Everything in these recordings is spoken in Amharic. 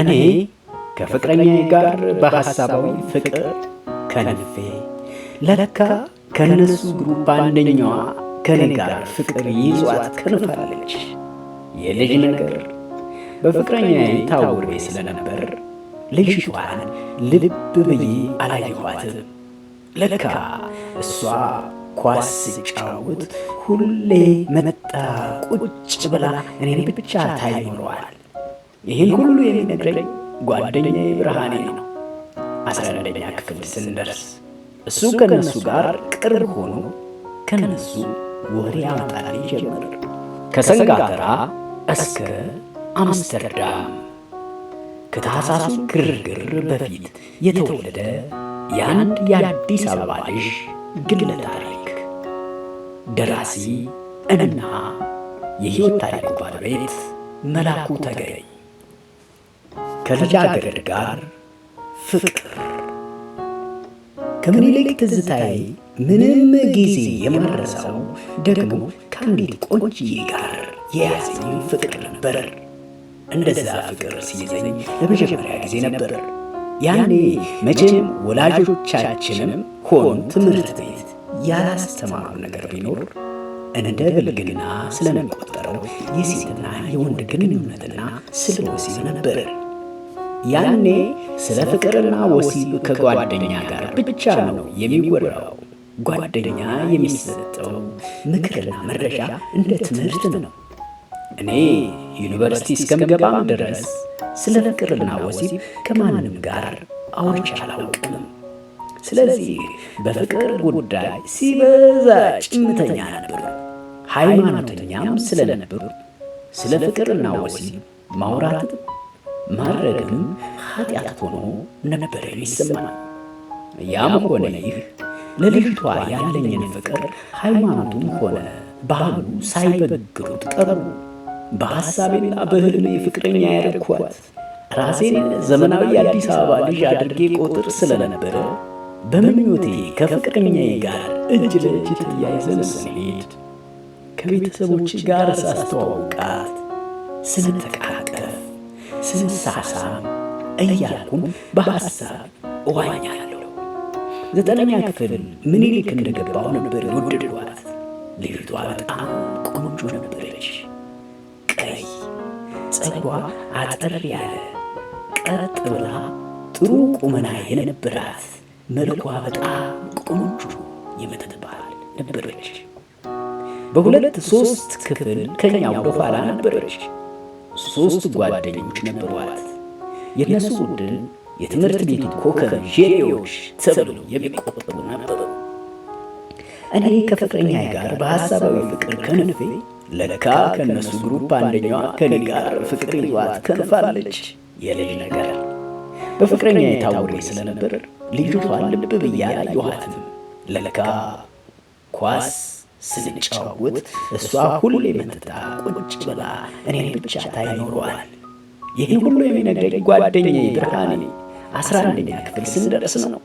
እኔ ከፍቅረኛ ጋር በሐሳባዊ ፍቅር ከንፌ ለካ ከነሱ ግሩፕ አንደኛዋ ከኔ ጋር ፍቅር ይዟት ክንፋለች። የልጅ ነገር በፍቅረኛ ታውሬ ስለነበር ልጅቷን ልብ ብዬ አላየኋትም። ለካ እሷ ኳስ ሲጫወት ሁሌ መጣ ቁጭ ብላ እኔን ብቻ ታይኖረዋል። ይህን ሁሉ የሚነግረኝ ጓደኛዬ ብርሃኔ ነው። አስራ አንደኛ ክፍል ስንደርስ እሱ ከነሱ ጋር ቅርብ ሆኖ ከነሱ ወሬ አመጣል ጀመር። ከሰንጋተራ እስከ አምስተርዳም ከታህሳሱ ግርግር በፊት የተወለደ የአንድ የአዲስ አበባ ልጅ ግለ ታሪክ ደራሲ እና የሕይወት ታሪኩ ባለቤት መላኩ ተገኝ ከልጃገረድ ጋር ፍቅር ከምን ይልቅ ትዝታዬ ምንም ጊዜ የማረሳው ደግሞ ከአንዲት ቆንጅዬ ጋር የያዘኝ ፍቅር ነበር። እንደዛ ፍቅር ሲይዘኝ ለመጀመሪያ ጊዜ ነበር። ያኔ መቼም ወላጆቻችንም ሆን ትምህርት ቤት ያላስተማሩ ነገር ቢኖር እንደ ብልግና ስለሚቆጠረው የሴትና የወንድ ግንኙነትና ስለ ወሲብ ነበር። ያኔ ስለ ፍቅርና ወሲብ ከጓደኛ ጋር ብቻ ነው የሚወራው። ጓደኛ የሚሰጠው ምክርና መረጃ እንደ ትምህርት ነው። እኔ ዩኒቨርሲቲ እስከምገባም ድረስ ስለ ፍቅርና ወሲብ ከማንም ጋር አውርቼ አላውቅም። ስለዚህ በፍቅር ጉዳይ ሲበዛ ጭምተኛ ነበሩ፣ ሃይማኖተኛም ስለነበሩ ስለ ፍቅርና ወሲብ ማውራትም ማድረግም ኃጢአት ሆኖ ነበር ይሰማል። ያም ሆነ ይህ ለልጅቷ ያለኝን ፍቅር ሃይማኖቱም ሆነ ባህሉ ሳይበግሩት ቀሩ። በሐሳቤና በህልሜ ፍቅረኛ ያደርኳት ራሴን ዘመናዊ የአዲስ አበባ ልጅ አድርጌ ቆጥር ስለነበረ በምኞቴ ከፍቅረኛዬ ጋር እጅ ለእጅ ተያይዘን ስንሄድ ከቤተሰቦች ጋር ሳስተዋውቃት ስንተቃ ስንሳሳም እያልኩም በሐሳብ እዋኛለሁ። ዘጠነኛ ክፍል ምኒልክ እንደገባው ነበር የወደድኳት። ልጅቷ በጣም ቆንጆ ነበረች። ቀይ ጸጉሯ አጠር ያለ ቀጥ ብላ ጥሩ ቁመና የነበራት መልኳ በጣም ቆንጆ የመጠጥ ነበረች። በሁለት ሶስት ክፍል ከኛ ወደ ነበረች። ሶስት ጓደኞች ነበሯት። የእነሱ ቡድን የትምህርት ቤቱ ኮከብ ዤሌዎች ተብሎ የሚቆጠሩ ነበሩ። እኔ ከፍቅረኛ ጋር በሐሳባዊ ፍቅር ከንፌ ለካ ከእነሱ ግሩፕ አንደኛዋ ከኔ ጋር ፍቅር ይዋት ከንፋለች። የልጅ ነገር በፍቅረኛ የታውሬ ስለነበር ልጅቷን ልብ ብያ አላየኋትም። ለካ ኳስ ስንጫወት እሷ ሁሌ መጥታ ቁጭ ብላ እኔን ብቻ ታይኖረዋል። ይህን ሁሉ የሚነግረኝ ጓደኛዬ ብርሃኔ አስራ አንደኛ ክፍል ስንደርስ ነው።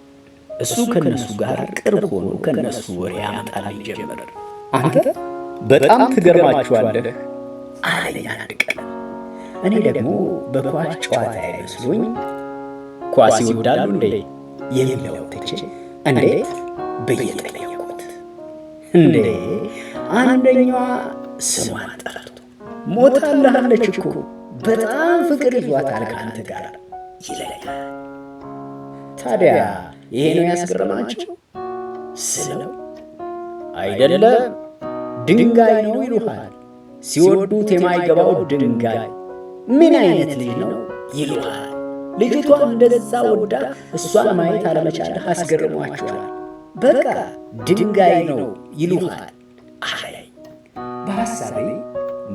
እሱ ከነሱ ጋር ቅርብ ሆኖ ከነሱ ወሬ ያመጣል ጀመር። አንተ በጣም ትገርማችኋለህ አለኝ አንድ ቀን። እኔ ደግሞ በኳስ ጨዋታ አይመስሉኝ ኳስ ይወዳሉ እንዴ የሚለው ትቼ እንዴት ብዬ እንዴ አንደኛዋ ስሟን ጠርቶ ሞታልሃለች እኮ በጣም ፍቅር ይዟታል ከአንተ ጋር ይለኛል። ታዲያ ይሄ ነው ያስገረማቸው ስለው አይደለም ድንጋይ ነው ይሉሃል። ሲወዱት የማይገባው ድንጋይ ምን አይነት ልጅ ነው ይሉሃል። ልጅቷ እንደዛ ወዳ እሷን ማየት አለመቻለህ አስገርሟቸዋል። በቃ ድንጋይ ነው ይሉሃል። አይ በሐሳቤ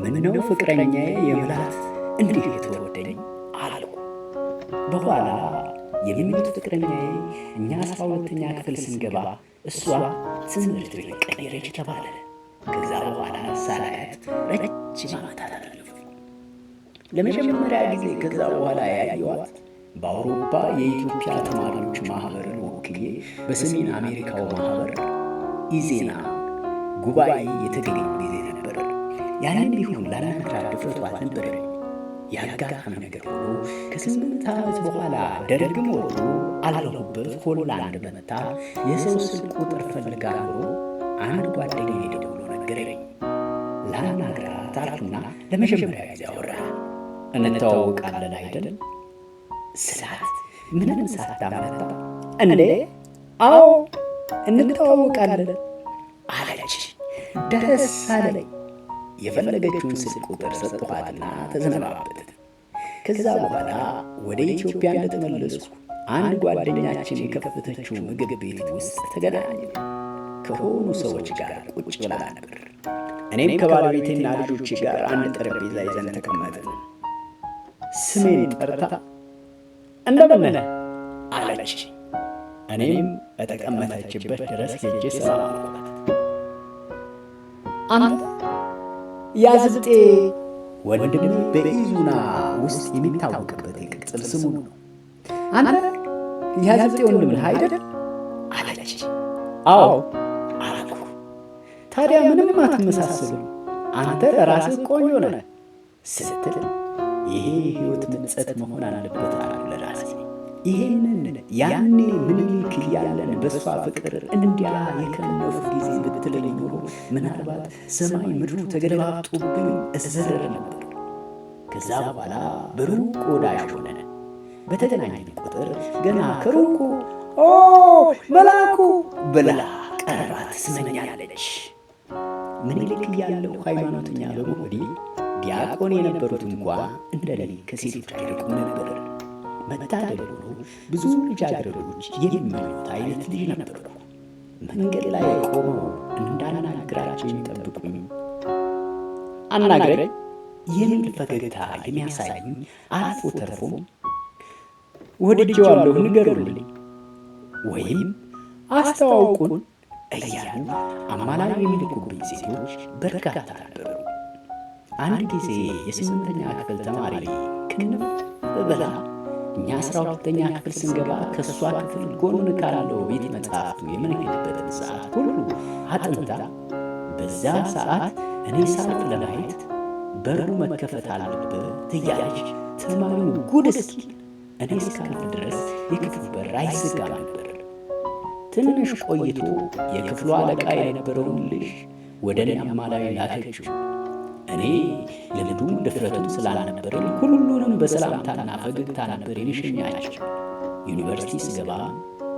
ምነው ፍቅረኛዬ የምላት እንዲህ የተወደደኝ አልኩ። በኋላ የሚሉት ፍቅረኛዬ እኛ አስራ ሁለተኛ ክፍል ስንገባ እሷ ትምህርት ቤት ቀየረች ተባለ። ከዛ በኋላ ሳላያት ረጅም ዓመታት አለፉ። ለመጀመሪያ ጊዜ ከዛ በኋላ ያየዋት በአውሮፓ የኢትዮጵያ ተማሪዎች ማኅበር ወክዬ በሰሜን አሜሪካው ማህበር ኢዜና ጉባኤ የተገኘ ጊዜ ነበረ። ያንን ቢሆን ላለመርዳት ድፍረቱ አልነበረም። የአጋጣሚ ነገር ሆኖ ከስምንት ዓመት በኋላ ደርግም ወርዶ አላለሁበት ሆሎላንድ መታ የሰው ስልክ ቁጥር ፈልጋ ኖሮ አንድ ጓደኛ ደውሎ ነገረኝ። ላናግራት አልኩና ለመጀመሪያ ጊዜ አወራ። እንተዋወቃለን አይደል ስላት ምንም ሳታመነታ እንዴ አዎ እንተዋወቃለን አለች። ደስ አለኝ። የፈለገችውን ስልክ ቁጥር ሰጥኋትና ተዘነባበት። ከዛ በኋላ ወደ ኢትዮጵያ እንደተመለስኩ አንድ ጓደኛችን የከፈተችው ምግብ ቤት ውስጥ ተገናኝ ከሆኑ ሰዎች ጋር ቁጭ ብላ ነበር። እኔም ከባለቤቴና ልጆች ጋር አንድ ጠረጴዛ ይዘን ተቀመጥን። ስሜን ጠርታ እንደምን ነህ አለች። እኔም በተቀመጠችበት ድረስ ሄጄ ሰላምኳት። አንተ ያዝብጤ ወንድም በኢዙና ውስጥ የሚታወቅበት የቅጽል ስሙ ነው። አንተ ያዝብጤ ወንድም ነህ አይደል አለች። አዎ አልኩ። ታዲያ ምንም አትመሳሰልም፣ አንተ ራስህ ቆንጆ ነህ ስትል ይሄ የሕይወት ምንጸት መሆን አለበት አለ ይህንን ያኔ ምኒልክ እያለን በእሷ ፍቅር እንዲያ የከነፉ ጊዜ ብትልልኝ ኖሮ ምናልባት ሰማይ ምድሩ ተገለባብጦብኝ እዘረር ነበር። ከዛ በኋላ በሩቅ ወዳሽ ሆነን በተገናኘን ቁጥር ገና ከሩቁ ኦ መላኩ ብላ ቀረባት ቀርባ ትስመኛለች። ምኒልክ እያለው ሃይማኖተኛ በመሆኔ ዲያቆን የነበሩት እንኳ እንደኔ ከሴቶች አይርቁም ነበር። መታደል ሆኖ ብዙ ልጃገረዶች የሚሉት አይነት ልጅ ነበርኩ። መንገድ ላይ ቆመው እንዳናግራቸው ይጠብቁኝ አናግረኝ የሚል ፈገግታ የሚያሳይኝ አልፎ ተርፎ ወድጄዋለሁ ንገሩልኝ ወይም አስተዋውቁን እያሉ አማላዊ የሚልኩብኝ ሴቶች በርካታ ነበሩ። አንድ ጊዜ የስምንተኛ ክፍል ተማሪ ክንፍ በበላ እኛ አስራ ሁለተኛ ክፍል ስንገባ ከእሷ ክፍል ጎን ካለው ቤት መጽሐፍቱ የምንሄድበትን ሰዓት ሁሉ አጥንታ በዛ ሰዓት እኔ ሳልፍ ለማየት በሩ መከፈት አለብ ትያለች። ተማሪው ጉድ እስኪል እኔ እስካልፍ ድረስ የክፍል በር አይዘጋም ነበር። ትንሽ ቆይቶ የክፍሉ አለቃ የነበረውን ልጅ ወደ እኔ አማላዊ ላከችው። እኔ ልምዱም ድፍረቱም ስላልነበረኝ ሁሉንም በሰላምታና ፈገግታ ነበር የሚሸኛቸው። ዩኒቨርሲቲ ስገባ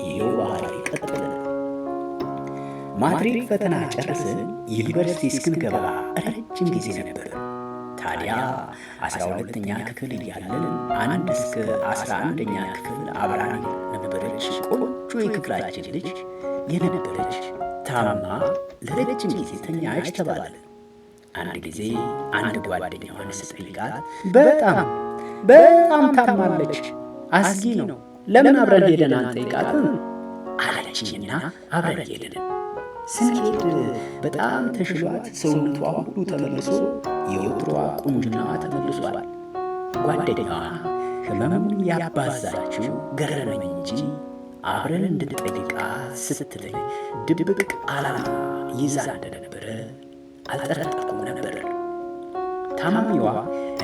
ይኸው ባህሪ ቀጥለ። ማትሪክ ፈተና ጨርስን ዩኒቨርሲቲ እስክንገባ ረጅም ጊዜ ነበር። ታዲያ አስራ ሁለተኛ ክፍል እያለን አንድ እስከ አስራ አንደኛ ክፍል አብራን ነበረች ቆንጆ የክፍላችን ልጅ የነበረች ታማ ለረጅም ጊዜ ተኛች ተባላለን። አንድ ጊዜ አንድ ጓደኛዋን ስትጠይቃት በጣም በጣም ታማለች፣ አስጊ ነው፣ ለምን አብረን ሄደን አንጠይቃትም አለችኝና አብረን ሄደን ስንሄድ በጣም ተሽሏት ሰውነቷ ሁሉ ተመልሶ የወትሯ ቁንጅናዋ ተመልሷል። ጓደኛዋ ህመሙን ያባዛችው ገረመኝ እንጂ አብረን እንድንጠይቃ ስትለኝ ድብቅ አላማ ይዛ እንደነበረ አልጠረጠርኩም ነበር። ታማሚዋ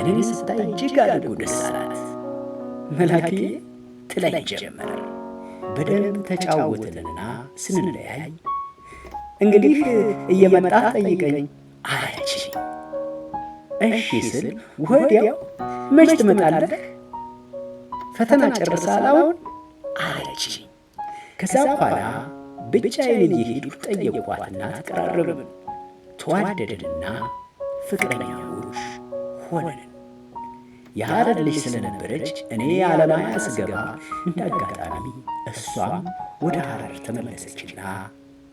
እኔን ስታይ እጅግ አድርጎ ደስ አላት። መላኬ ትላይ ጀመረ። በደንብ ተጫወትንና ስንለያይ እንግዲህ እየመጣ ጠይቀኝ አለች። እሺ ስል ወዲያው መች ትመጣለህ? ፈተና ጨርሳ ላሁን አለች። ከዛ በኋላ ብቻዬን እየሄዱ ጠየቋትና ተቀራረብን። ተዋደድንና ፍቅረኛሞች ሆነን። የሀረር ልጅ ስለነበረች እኔ አለማያ ስገባ እንደ አጋጣሚ እሷም ወደ ሀረር ተመለሰችና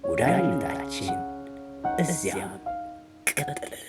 ወዳጅነታችን እዚያም ቀጠለ።